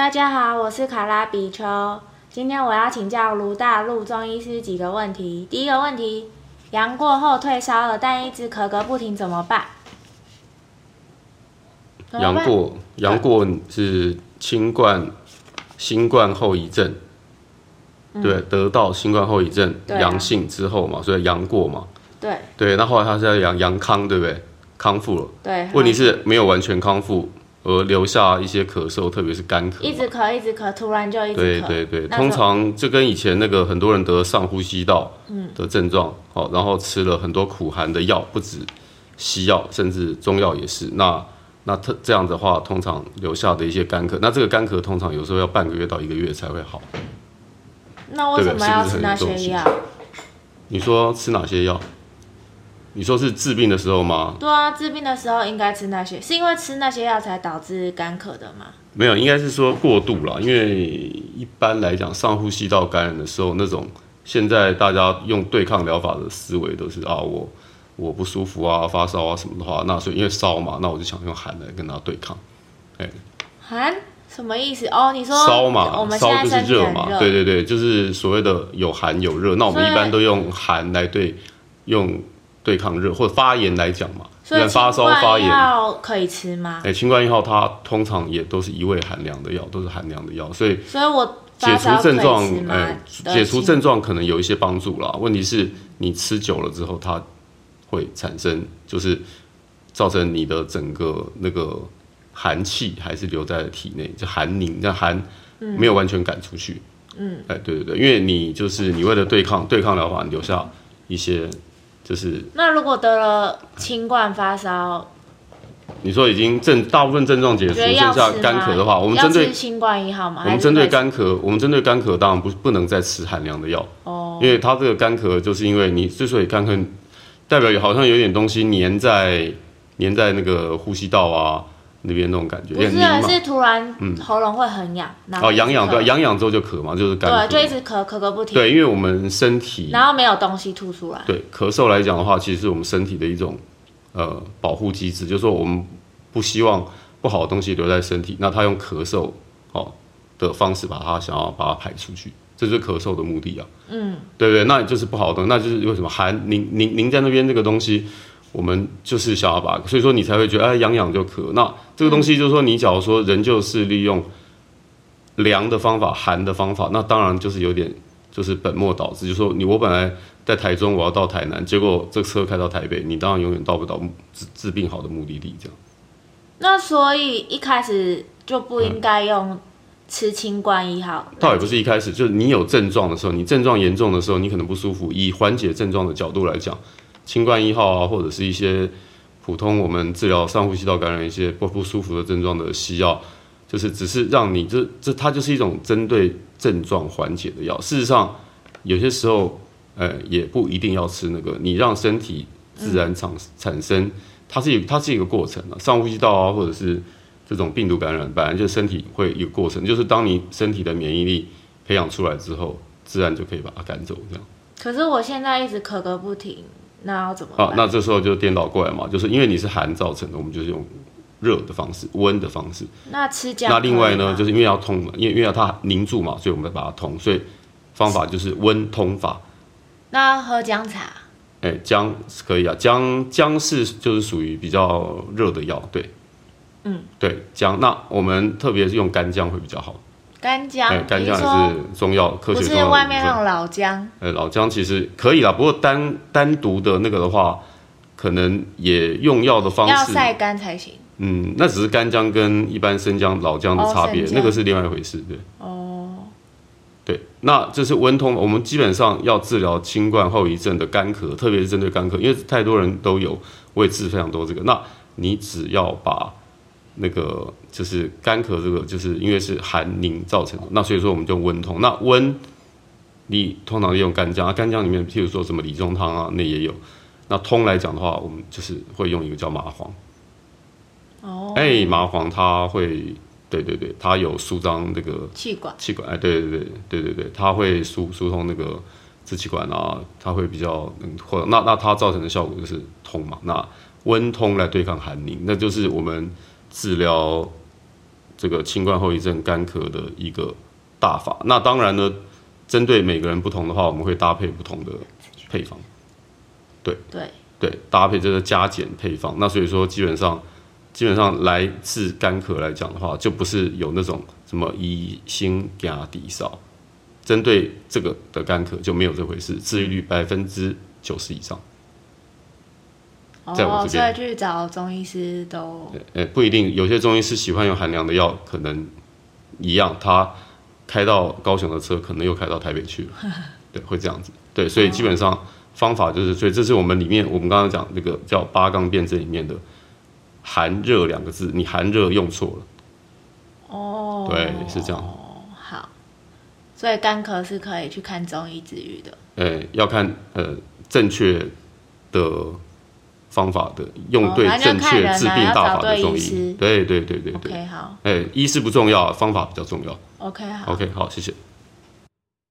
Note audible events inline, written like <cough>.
大家好，我是卡拉比丘。今天我要請教盧大陸中醫師幾個問題。第一個問題：陽過後退燒了，但一直咳個不停，怎麼辦？陽過，陽過是新冠，新冠後遺症。嗯、對，得到新冠後遺症陽、啊、性之後嘛，所以陽過嘛。對。對，那後來他是要陽陽康，對不對？康復了。對。問題是沒有完全康復。而留下一些咳嗽，特別是乾咳，一直咳，一直咳，突然就一直咳。對對對，通常就跟以前那個很多人得上呼吸道的症狀，好、嗯，然後吃了很多苦寒的藥，不止西藥，甚至中藥也是。那那這樣的話，通常留下的一些乾咳，那這個乾咳通常有時候要半個月到一個月才會好。那我為什麼要吃哪些藥？你說吃哪些藥？你說是治病的時候嗎？對啊，治病的時候應該吃那些，是因為吃那些藥才導致乾咳的嗎？沒有，應該是說過度了。因為一般來講，上呼吸道感染的時候，那種現在大家用對抗療法的思維都是啊，我我不舒服啊，發燒啊什麼的話，那所以因為燒嘛，那我就想用寒來跟他對抗。哎、欸，寒什麼意思？哦，你說燒嘛，燒就是熱嘛，對對對，就是所謂的有寒有熱。以那我們一般都用寒來對用。對抗熱或者發炎來講嘛，所以發燒發炎。藥可以吃嗎？哎，清冠一、欸、一號它通常也都是一味寒涼的藥，都是寒涼的藥，所以所以我以、欸、對解除症狀，哎，解除症狀可能有一些幫助啦。嗯、問題是你吃久了之後，它會產生就是造成你的整個那個寒氣還是留在了體內，就寒凝，那寒沒有完全趕出去。嗯，哎、嗯欸，對對對，因為你就是你為了對抗對抗療法，你留下一些。就是，那如果得了新冠發燒，你說已經症大部分症狀解除，剩下乾咳的話，我們針對清冠一號嘛。我們針對乾咳，我們針對乾咳當然不不能再吃寒涼的藥哦，因為它這個乾咳就是因為你之所以乾咳，代表好像有點東西黏在粘在那個呼吸道啊。那邊那種感覺，不是，是突然喉嚨會很癢，然後癢癢對、啊，癢癢之後就咳嘛，就是乾，對，就一直咳咳個不停。對，因為我們身體、嗯、然後沒有東西吐出來。對，咳嗽來講的話，其實是我們身體的一種呃保護機制，就是說我們不希望不好的東西留在身體，那他用咳嗽哦的方式把它想要把它排出去，這就是咳嗽的目的啊。嗯，對不對，對？那就是不好的東西，那就是為什麼寒，您您您在那邊這個東西。我們就是小阿巴，所以說你才會覺得哎癢癢就咳。那這個東西就是說，你假如說人就是利用涼的方法，寒的方法，那當然就是有點就是本末倒置。就是，說你我本來在台中，我要到台南，結果這車開到台北，你當然永遠到不到治治病好的目的地。這樣。那所以一開始就不應該用吃清冠一號。倒也，嗯，不是一開始，就是你有症狀的時候，你症狀嚴重的時候，你可能不舒服，以緩解症狀的角度來講。新冠一號啊，或者是一些普通我們治療上呼吸道感染一些不不舒服的症狀的西藥，就是只是讓你這這它就是一種針對症狀緩解的藥。事實上，有些時候，呃、嗯，也不一定要吃那個，你讓身體自然產、嗯、產生，它是它是一個過程啊。上呼吸道啊，或者是這種病毒感染，本來就身體會有過程，就是當你身體的免疫力培養出來之後，自然就可以把它趕走。這樣。可是我現在一直咳個不停。那要怎麼辦？啊，那這時候就顛倒過來嘛，就是因為你是寒造成的，我們就是用熱的方式，溫的方式。那吃薑。那另外呢，就是因為要通嘛，因為因為它凝住嘛，所以我們要把它通，所以方法就是溫通法。那喝薑茶？哎、欸，薑是可以啊，薑薑是就是屬於比較熱的藥，對，嗯，對，薑。那我們特別是用乾薑會比較好。乾薑，欸、乾薑是中藥，科學的。不是外面那種老薑。呃、欸，老薑其實可以啦，不過單單獨的那個的話，可能也用藥的方式，要曬乾才行。嗯，那只是乾薑跟一般生薑、老薑的差別，哦、那個是另外一回事，對。哦。對，那這是溫通。我們基本上要治療新冠後遺症的乾咳，特別是針對乾咳，因為太多人都有，我也治非常多這個。那你只要把。那個就是乾咳，這個就是因為是寒凝造成的。那所以說我們就溫通。那溫，你通常用乾薑啊，乾薑裡面譬如說什麼理中湯啊，那也有。那通來講的話，我們就是會用一個叫麻黃。哦。哎，麻黃它會，對對對，它有舒張那個氣管，氣管，哎、欸，對對對對對對，它會疏疏通那個支氣管啊，它會比較能擴。那那它造成的效果就是通嘛。那溫通來對抗寒凝，那就是我們。治療這個新冠後遺症乾咳的一個大法。那當然呢，針對每個人不同的話，我們會搭配不同的配方。對對對，搭配這個加減配方。那所以說，基本上基本上來自乾咳來講的話，就不是有那種什麼乙辛加敵少，針對這個的乾咳就沒有這回事，治癒率百分之九十以上。在我哦，所以去找中醫師都、欸，不一定，有些中醫師喜歡用寒涼的藥，可能一樣，他開到高雄的車，可能又開到台北去了， <laughs> 對，會這樣子，對，所以基本上方法就是，所以這是我們裡面，我們剛剛講那個叫八綱辨證裡面的寒熱兩個字，你寒熱用錯了，哦，對，是這樣，好，所以乾咳是可以去看中醫治愈的、欸，要看呃正確的。方法的用對正確治病大法的中醫，對對對對對，對。OK，好。哎、欸，醫師不重要，方法比較重要。OK 好。OK 好，謝謝。